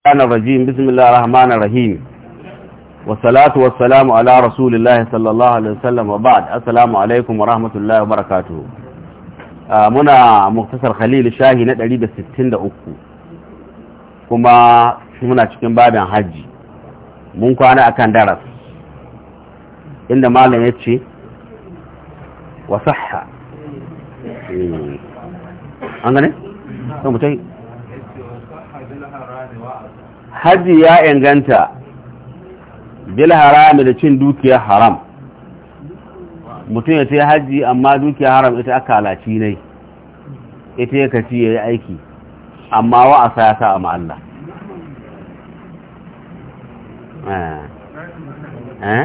الشيطان الرجيم بسم الله الرحمن الرحيم والصلاة والسلام على رسول الله صلى الله عليه وسلم وبعد السلام عليكم ورحمة الله وبركاته منا مختصر خليل شاهي ندري بستين دا أكو كما منا تكن باب عن حج منكو أنا أكن درس إن ما لم يتشي وصحة أنا ne? Kan mutai hajji ya inganta bil harami da cin dukiyar haram mutum ya ce hajji amma dukiyar haram ita aka halaci ne ita ya kaci ya aiki amma wa'asa ya sa a ma'alla eh eh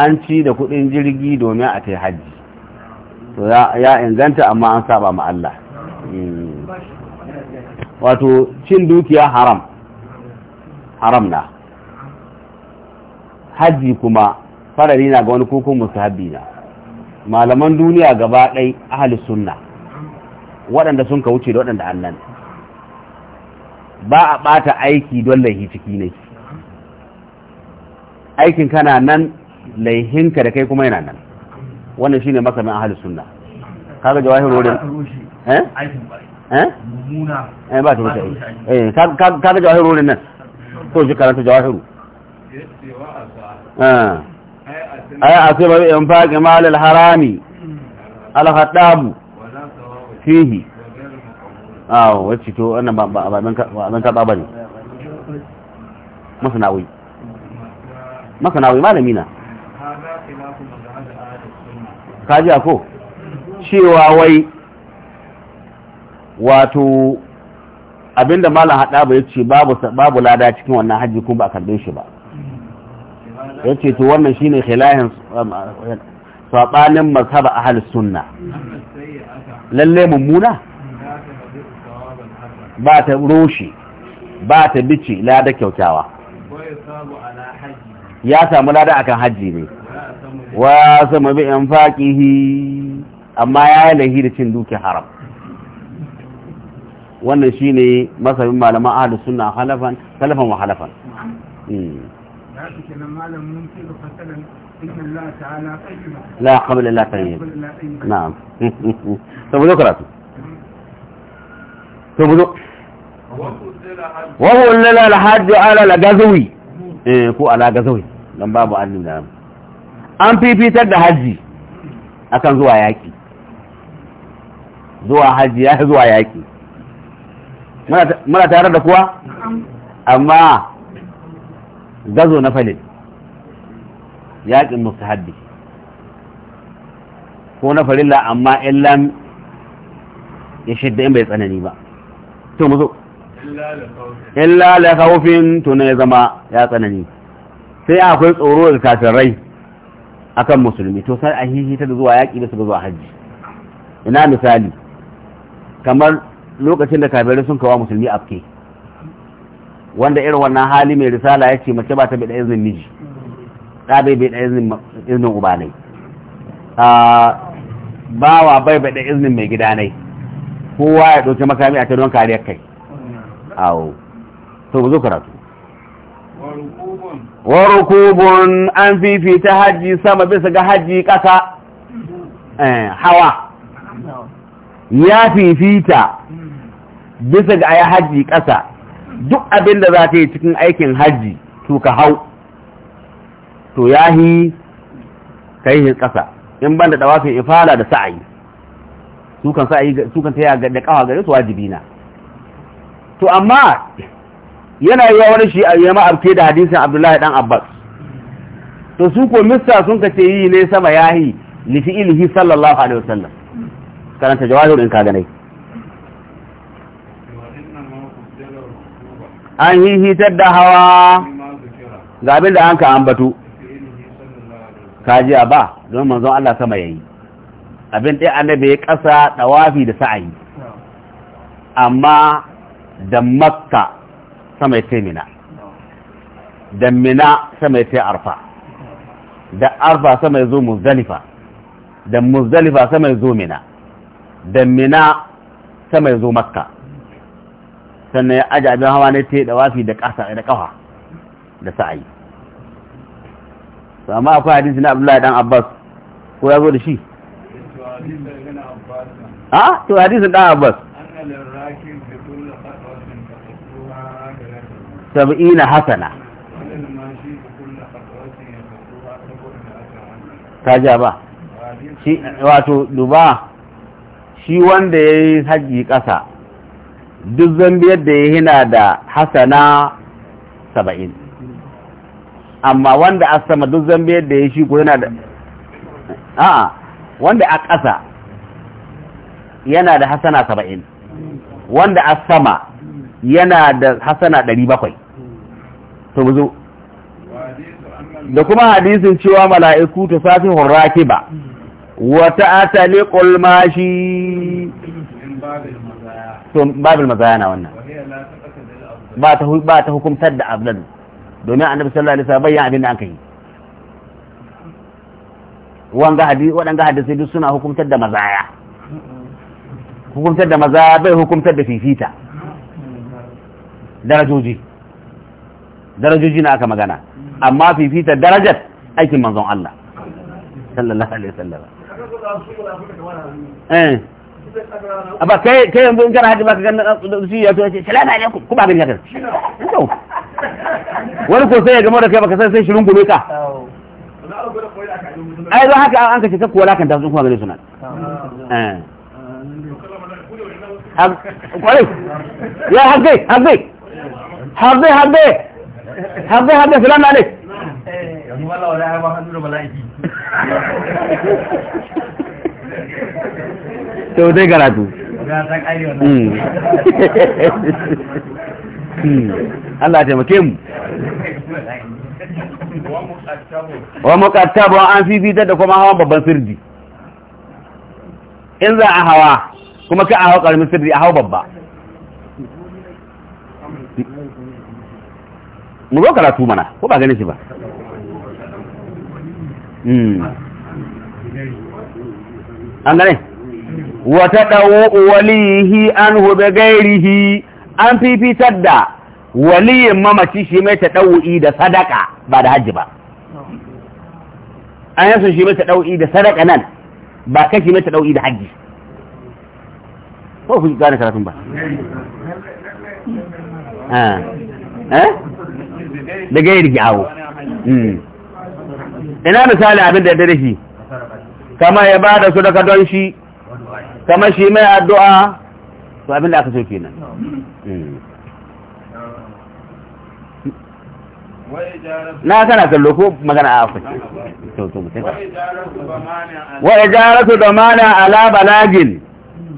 an ci da kudin jirgi domin a ta yi hajji to ya inganta amma an saba ma Allah hmm. wato cin dukiya haram haram na hajji kuma farari na ga wani kukun musahabi na malaman duniya gaba ɗai ahli sunna waɗanda sun ka wuce da waɗanda annan ba a ɓata aiki don laihi ciki ne aikin kana nan laihinka da kai kuma yana nan wannan shi ne makamin ahalus sunna kaga jawahirul wurin eh eh eh ba ta wuce eh kaga jawahirul rodin nan to ji karanta jawahiru eh ay asiba ah. bi infaqi mal al harami al khatab fihi ah wacce to wannan ba ba ban ka ban ka ba ne masanawi masanawi malami na kaji ko cewa wai wato abinda malam hada ba ya ce babu lada cikin wannan hajji kuma ba kalbe shi ba yace to wannan shine khilahin sabanin mazhab ahli sunna lalle mummuna ba ta roshi ba ta bici lada kyautawa ya samu lada akan hajji ne wa sama bi infaqihi amma ya lahi da cin duki haram wannan shine masabin malaman ahli suna halafan halafan wa halafan لا قبل لا طيب نعم تبدو كراتو تبدو وهو الليل الحج على الغزوي ايه كو على an fifitar da hajji akan zuwa yaƙi zuwa hajji ya zuwa yaƙi muna tare da kuwa amma gazo na falin yaƙin mustahabbi ko na farilla amma illan ya shidda in bai tsanani ba to mu zo illa la khawfin to ne zama ya tsanani sai akwai tsoro da kafirai akan musulmi to sai a hihita da zuwa yaƙi da su zuwa hajji ina misali kamar lokacin da kafirai sun kawo musulmi afke wanda irin wannan hali mai risala ya ce mace ba ta da izinin miji ta bai da izinin ubanai bawa bai da izinin mai gidanai kowa ya ɗauki makami a ta don kariyar kai awo to zo karatu wa rukubun an fifita hajji sama bisa ga hajji ƙasa eh, hawa ya fifita bisa ga ya hajji ƙasa duk abin da za ta yi cikin aikin hajji to ka hau to ya yi ka yi ƙasa in ban da ɗawafin ifala da sa'ayi sukan sa'ayi sukan ta yi da ƙawa gare su wajibi na to amma yana yi wani shi a yamma abke da hadisin abdullahi dan abbas to su ko mista sun ka ce yi ne sama yahi lifi ilihi sallallahu alaihi wasallam karanta jawahir in ka ganai an yi hitar da hawa ga abin da an ka ambatu a ba don manzon Allah sama ya yi. abin ɗaya annabi ya ƙasa ɗawafi da sa'ayi amma da makka sama ya ce mina da mina sama ya ce arfa da arfa sama ya zo muzdalifa da muzdalifa sama ya zo mina da mina sama ya zo makka sannan ya aji abin hawa ne ta da wafi da ƙasa da ƙafa da sa'ayi su amma akwai hadisi na abdullahi dan abbas ko ya zo da shi a to hadisi ah, dan abbas sab'ina hasana kaja ba shi wato duba shi wanda ya yi haji ƙasa duk zambiyar da ya hina da hasana saba'in amma wanda a sama duk zambiyar da ya shi ko yana da a'a wanda a ƙasa yana da hasana saba'in wanda a sama yana da hasana ɗari bakwai to buzo da kuma hadisin cewa mala'iku ta safi hurraki ba wata atali ƙulmashi to babin mazaya na wannan ba ta hukumtar da abdan domin annabi sallallahu alaihi wasallam bayan abin da an kai wanga waɗanga hadisai duk suna hukumtar da mazaya hukumtar da mazaya bai hukumtar da fifita darajoji darajoji na aka magana amma fifita darajar aikin manzon Allah sallallahu alaihi wasallam eh aba kai kai yanzu in kana haji baka ganin shi ya to ce salamu alaikum ku ba gani haka wani ko sai ya gama da kai baka san sai shirin gune ka ai don haka an kace kakkuwa lakan da sun kuma gane suna eh kwarai ya hagai hagai harbe harbe harbe harbe salamu alaikum yanzu wala wala ya ba hannu da mala'iki to dai karatu hmm. Hmm. Allah taimake mu wa muqattabu an fi bidda da kuma hawan babban sirri in za a hawa kuma ka a hawa karamin sirri a hawa babba mu zo karatu mana ko ba gane shi ba hmm. an gane wata ɗawo walihi an hube gairihi an fifitar da waliyin mamaci shi mai ɗau'i da sadaka ba da hajji ba an yasu shi mai ɗau'i da sadaka nan ba kai shi mai ɗau'i da hajji ko fi gane karatun ba ah. eh da gairi awo hmm. ina misali abin da dare shi kama ya ba da su daga don shi kama shi mai addu'a su abin da aka so kenan hmm. na kana kallo ko magana a afirka wa ijara su domani ala balagin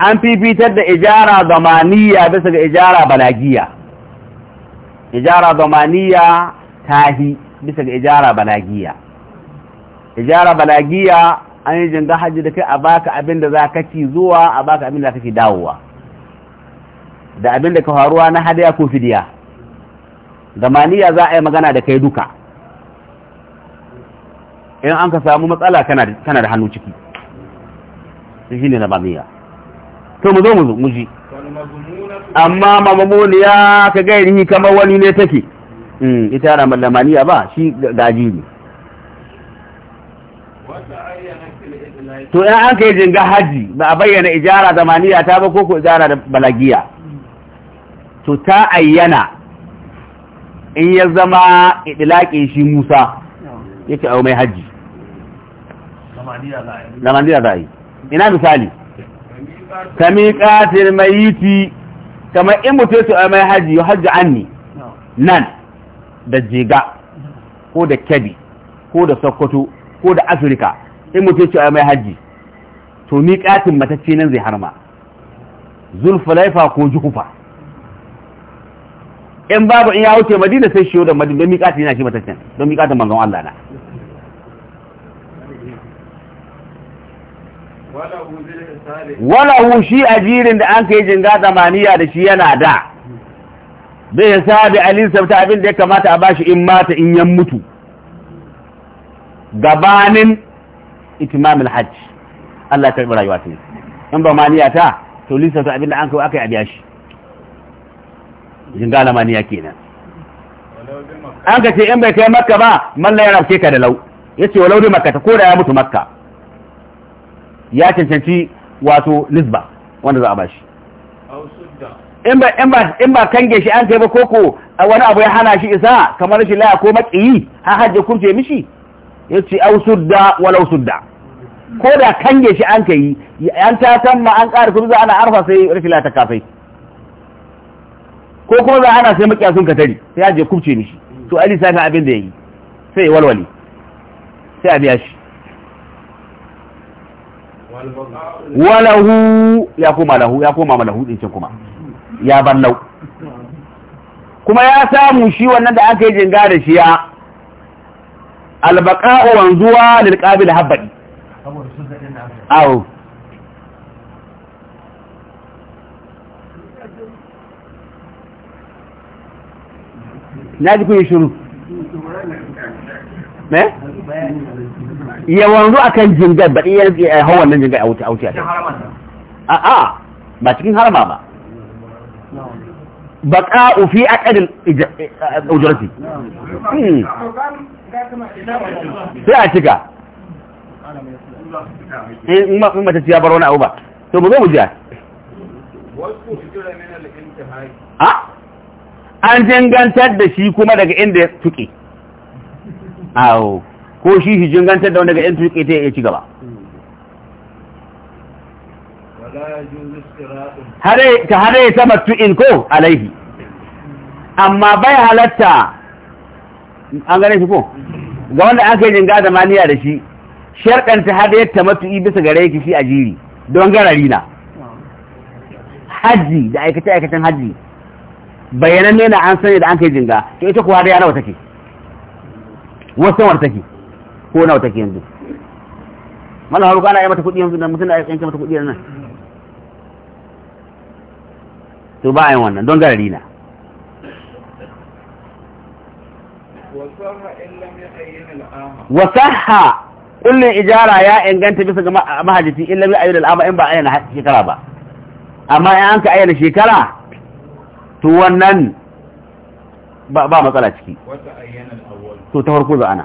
an fifitar da ijara domaniya bisa ga ijara balagiya ijara zamaniya tahi bisa ga ijara balagiya ijara balagiya an yi jinga hajji da kai a baka abin da za ka ci zuwa a baka abin da za ka ci dawowa da abin da ka faruwa na hadaya ko fidiya zamaniya za a yi magana da kai duka in an ka samu matsala kana da hannu ciki shi ne zamaniya to mu zo mu ji amma mamamuniya ka gairihi kamar wani ne take hmm, ita yana mallamaniya ba shi gaji ne to ina an yi jinga haji ba a bayyana ijara zamaniya ta ba koko ijara da balagiya to ta ayyana in ya zama idilaƙi shi musa yake au mai haji zamaniya za a yi ina misali kami katil mayiti kamar in mutum ya a mai haji ya hajji anni nan da jiga ko da kebi ko da sokoto ko da afirka in mutum ya a mai haji to ni katin matacce nan zai harma laifa ko jukufa in babu in ya wuce madina sai shiyo da madina don katin yana shi matacce don katin manzon Allah na walahu shi ajirin da an kai jinga zamaniya da shi yana da bai hisabi alin sabta abin da ya kamata a bashi in mata in yan mutu gabanin itimamul hajj Allah ya karbi rayuwa ta in ba maniya ta to lissa ta abin da an kai aka yi a biya shi jinga maniya kenan an ka ce in bai kai makka ba mallan ya rafke ka da lau ya ce walau dai makka ta ko da ya mutu makka ya cancanci wato nisba wanda za a bashi in ba kange shi an kai ba koko wani abu ya hana shi isa kamar shi laya ko maƙiyi har hajje kurce mishi ce au sudda walau sudda ko da kange shi an kai an ta ma an ƙara kuma za ana arfa sai rufi laya ta kafai ko kuma za ana sai maƙiya sun katari sai hajje kurce mishi to ali sai abin da ya yi sai walwali sai a biya shi walahu ya koma lahu ya koma malahu din kuma ya ban lau kuma ya samu shi wannan da aka yi jinga da shi ya albaqa'u wanzuwa lil qabil habbi awo na ji kun yi shiru me ya wanzu kan jingar ba ɗaya ya eh, hau wannan jingar a wuce a wuce a a ba cikin harama ba Ba ka ufi ƙarin ujrati hmm. sai a cika eh, in mata ciya bar wani abu ba to mu zo mu jiya a an jingantar da shi kuma daga inda ya tuke awo ko shi shi jingantar da wani ga yan tuƙe ta yi ci gaba ka hare ya sama tu'in ko alaihi amma bai halatta an gane shi ko ga wanda aka yi jinga da maniya da shi sharkanta hada ya matu'i bisa gare yake shi a jiri don garari na hajji da aikace-aikacen hajji bayanan ne an sani da an kai jinga to ita kuwa da yana wata ke wasu wata ke ko nawa take yanzu mana haruka ana yi mata kuɗi yanzu da mutum da yanke mata kuɗi nan to ba a yin wannan don gari na wasarha kullum ijara ya inganta bisa ga mahajjati in lam yu'ayyin al'ama in ba ayyana shekara ba amma in an ka ayyana shekara to wannan ba matsala ciki to ta farko za ana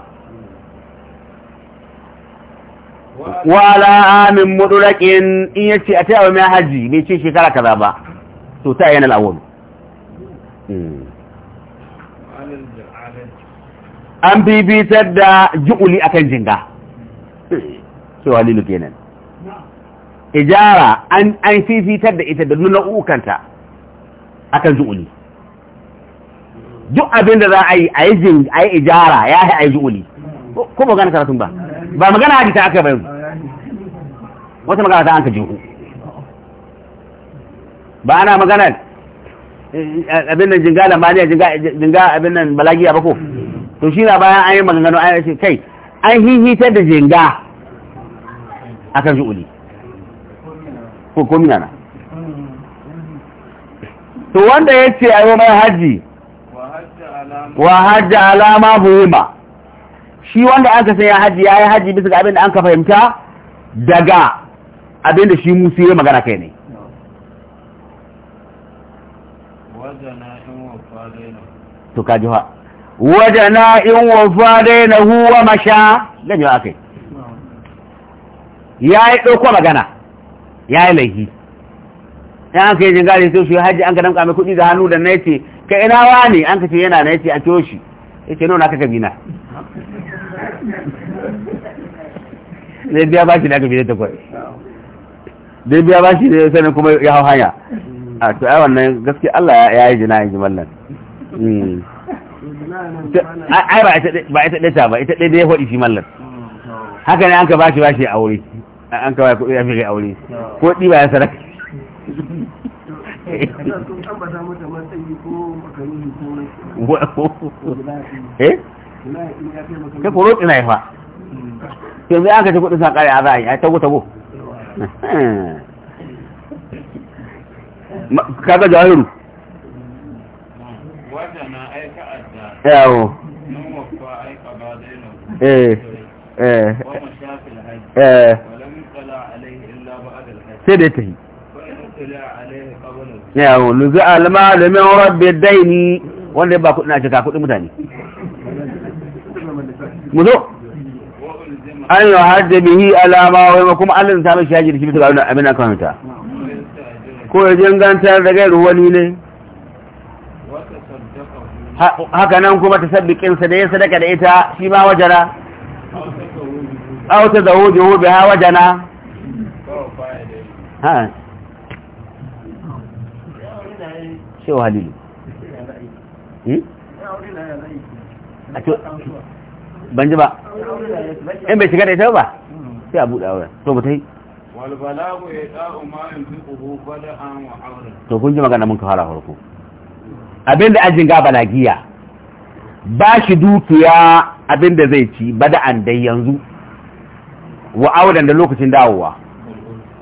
wala amin mudulakin in yace a tayawa mai haji bai ce shekara kaza ba to ta yana al'awwalu mm. an bibitar da ju'uli akan jinga sai walilu kenan ijara an an fifitar da ita da nuna ukanta akan ju'uli duk abin da za a yi a yi ijara ya yi a yi ju'uli ko ba gane karatun ba ba magana ta aka bai wata magana ta an ka ba ana magana eh, abin nan jinga ne jinga abin nan balagiya ba ko to shi na bayan an yi maganganu an yi kai an hihitar da jinga kan ju'uli ko komina na to wanda ya ce a yi mai hajji wa hajji alama buhima shi wanda an sai ya haji ya yi haji bisa ga abin da an ka fahimta daga abin da shi musu ya magana kai ne waje na in wafa dai na huwa masha gani wa yi ya yi ɗauko magana ya yi laifi ya an kai jingari sai shi haji an ka damka mai kuɗi da hannu da na yace ka ina wa ne an ka ce yana na yace a ciyo shi yace nuna ka gabi na ne biya bashi ne aka biya takwai zai biya bashi ne sanin kuma ya hau hanya a to ai wannan gaske Allah ya yi jina yin jimallan hmm. ai ba ita ɗaya ba ita ɗaya da ya faɗi shi mallan haka ne an ka bashi bashi a wuri an ka bashi ya fi aure ko ɗi ba ya saraka eh ta koro tsina ya fa yanzu an ci kudin sakari a za a yi a tago tago kaga jahiru yawo eh, eh, eh, sai da ya tafi yawo luzu alma da min rabbi daini wanda ya ba kudin a cika kudin mutane mu zo an yi har da bihi alama wai ma kuma allah ta mashi yaji da shi bisa abin da kan ko ya jin gantar da gairu wani ne haka nan kuma ta sa da ya sadaka da ita shi ma wajana auta da wujo wube ha wajana ha shewa halilu hmm? ban ji ba in bai shiga da ita ba sai a buɗe aure. to ba ta yi to kun ji magana mun ka fara farko abinda ajin ga balagiya ba shi dukiya abinda zai ci an dai yanzu wa auren da lokacin dawowa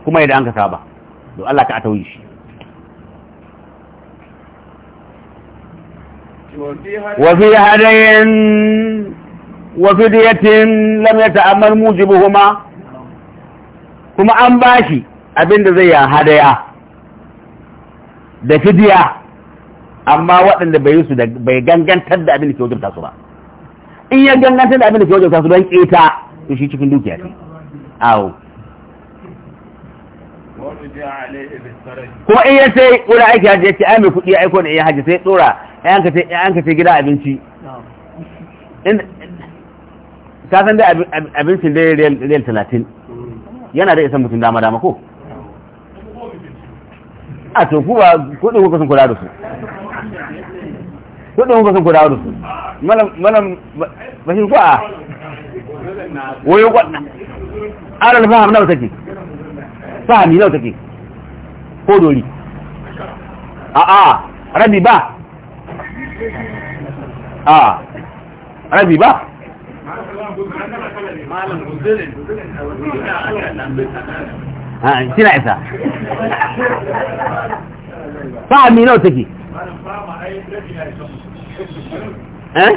kuma yadda an ka saba to Allah ka a tauyi shi wa fi hadayen وفدية لم يتأمل موجبهما kuma an bashi abinda zai ya hadaya da fidiya amma waɗanda bai su da bai gangantar da abin da ke wajen su ba in ya gangantar da abin da ke wajen su don keta to shi cikin dukiya ce awo kuma in ya sai wani aiki hajji ya ce ai mai kuɗi ya aiko da iya hajji sai tsora ya an ka sai gida abinci ka san dai abincin dai real talatin yana da isan mutum dama dama ko a to kuwa kudin kuka sun kula da su kudin kuka sun kula da su malam malam bashin ku a wayo kwadna aral faham nawa take fahami nawa take ko dori a a rabi ba a rabi ba a shi na isa Ba mi nawa take eh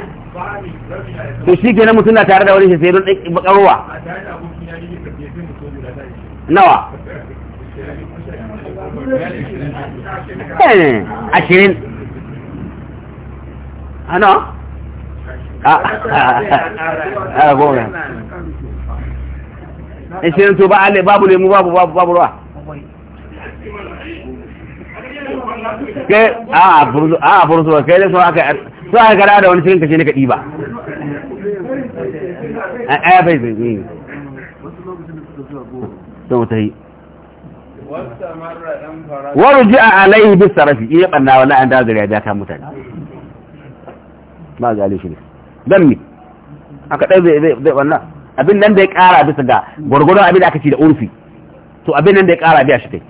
to shi kenan mutum na tare da wani shi sai don ɗin bakarwa nawa ashirin ana ah ah ah ah ah ah ah babu lemu babu babu ah ah ah a ah ah kai ah ah ah ah ah ah da wani ah kashe ne ah ba a ah ah ah ah ah ah ah waru ji a alaihi bisa rafi iya ɓanna wani an dazari ya ja mutane ba ga don a aka ɗai zai wannan abin nan da ya ƙara bisa ga gwargwadon abin da aka ci da urfi to abin nan da ya ƙara biya shi kai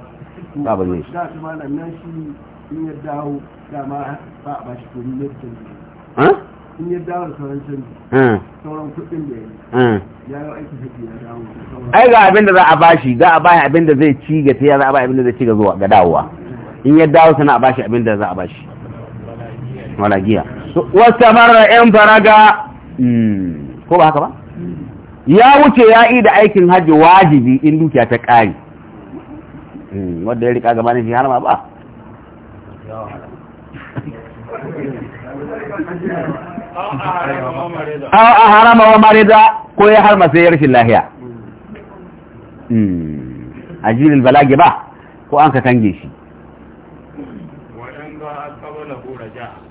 ba ba zai in ya a ne in ya dawo da sauran canji sauran kuɗin da ya yi ya yi aiki ya dawo ai ga abin da za a bashi za a bashi abin da zai ci ga tiya za a bashi abin da zai ci ga zuwa ga dawowa in ya dawo sana a bashi abin da za a bashi wala giya wasta da yan faraga ko ba haka ba ya wuce ya yi da aikin hajji wajibi in dukiya ta ƙari wadda ya rika gabanin shi harma ba a harama wa marida ko ya harma sai ya rashin lahiya a jirin balage ba ko an ka kange shi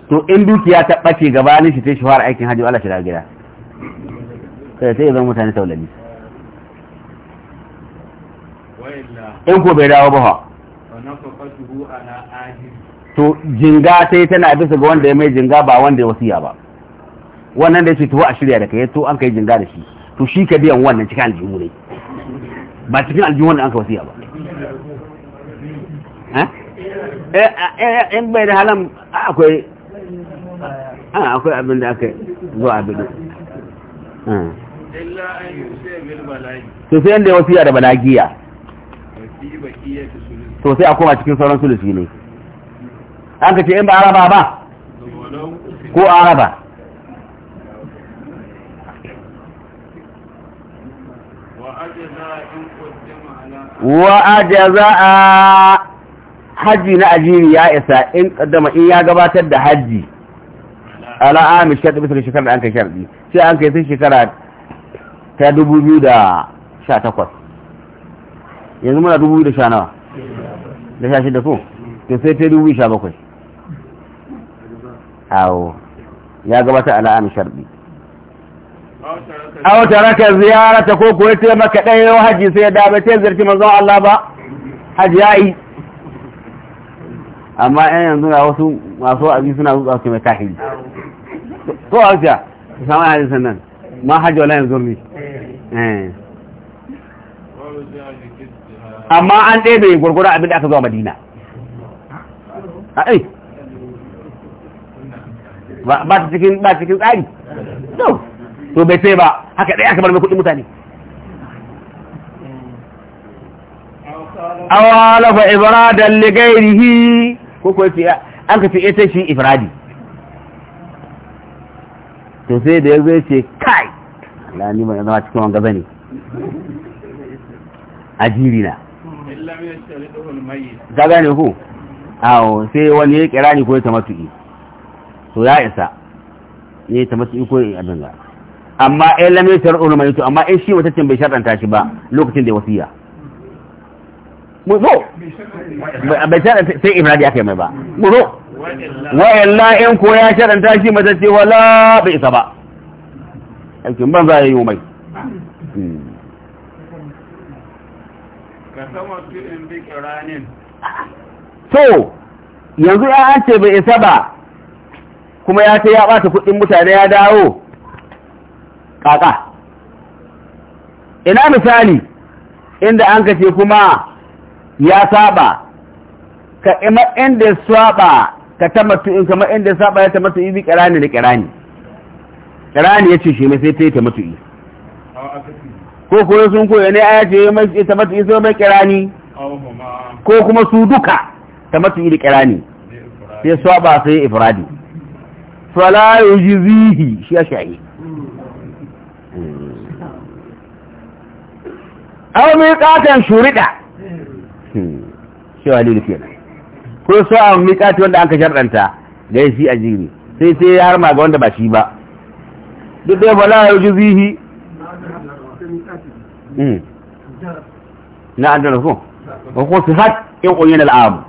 to in dukiya ta ɓace gabanin shi ta shi fara aikin hajji ala shi dawo gida sai sai zan mutane taulani in ko bai dawo ba to jinga sai tana bisa ga wanda ya mai jinga ba wanda ya wasiya ba wannan da ya ce tuwa a shirya da kai to an kai jinga da shi to shi ka biyan wannan cikin aljihu ne ba cikin aljihu wanda an ka wasiya ba eh? Eh, eh, in bai da halam akwai a ah, akwai abin da aka zuwa abin ah. to sai yadda ya wasiya da balagiya to sai a koma cikin sauran sulusi ne an ka ce in ba araba ba ko araba wa ajaza hajji na ajiri ya isa in kaddama in ya gabatar da hajji. ala ami shata bisa shekara da an kai sharadi sai an kai sai shekara ta dubu biyu da sha takwas yanzu muna dubu biyu da sha nawa da sha shida ko to sai ta dubu biyu sha bakwai awo ya gabata ala ami sharadi aw taraka ziyarata ko ko yace maka dai yau haji sai ya dabe ta zarki manzon Allah ba haji yayi amma yan yanzu na wasu masu abin suna zuwa su mai tahiri Ko a wuce sama hadisin sannan ma hajji wala yanzu ne eh. amma an ɗebe gwargwara abin da aka zuwa madina ai eh. ba ta cikin ba cikin tsari no to bai sai ba haka ɗaya aka bar mai kuɗin mutane awala fa ibradan li ghairihi ko ko fi an ka fi ita shi Ibradi. to sai da ya zai ce kai lani mai zama cikin wanga bane jiri na ka gane ku awo sai wani ya kira ni ko ya tamatu'i to ya isa ya tamatu'i ko ya abin ga amma ɗan lamai shar'ul mai to amma in shi wata bai shar'anta shi ba lokacin da wasiya mu zo bai shar'anta sai ibrahim ya kai mai ba mu zo wa'illa in ko ya sharanta shi mata ce wala bai isa ba aikin ban za a yi yi mai so yanzu ya an ce bai isa ba kuma ya ce ya ɓata kuɗin mutane ya dawo kaka ina misali inda an kace kuma ya saba ka ima inda saba ka tamattu in kamar inda saba ya tamattu yi bi kirani da karani kirani yace shi mai sai ta yi tamattu yi ko kuma sun koya ne aya ce mai sai tamattu yi sai mai karani ko kuma su duka tamattu yi da karani sai saba sai ifradi fala zihi shi ya shayi aw mai katan shurida hmm. shi wali kenan ko sa'a miƙati wanda an ka sharɗanta ya a ajiri sai sai ya harma ga wanda ba shi ba duk da fala ya ji zihi hmm. na adana ko ko su haƙƙin in ƙunyin al'amu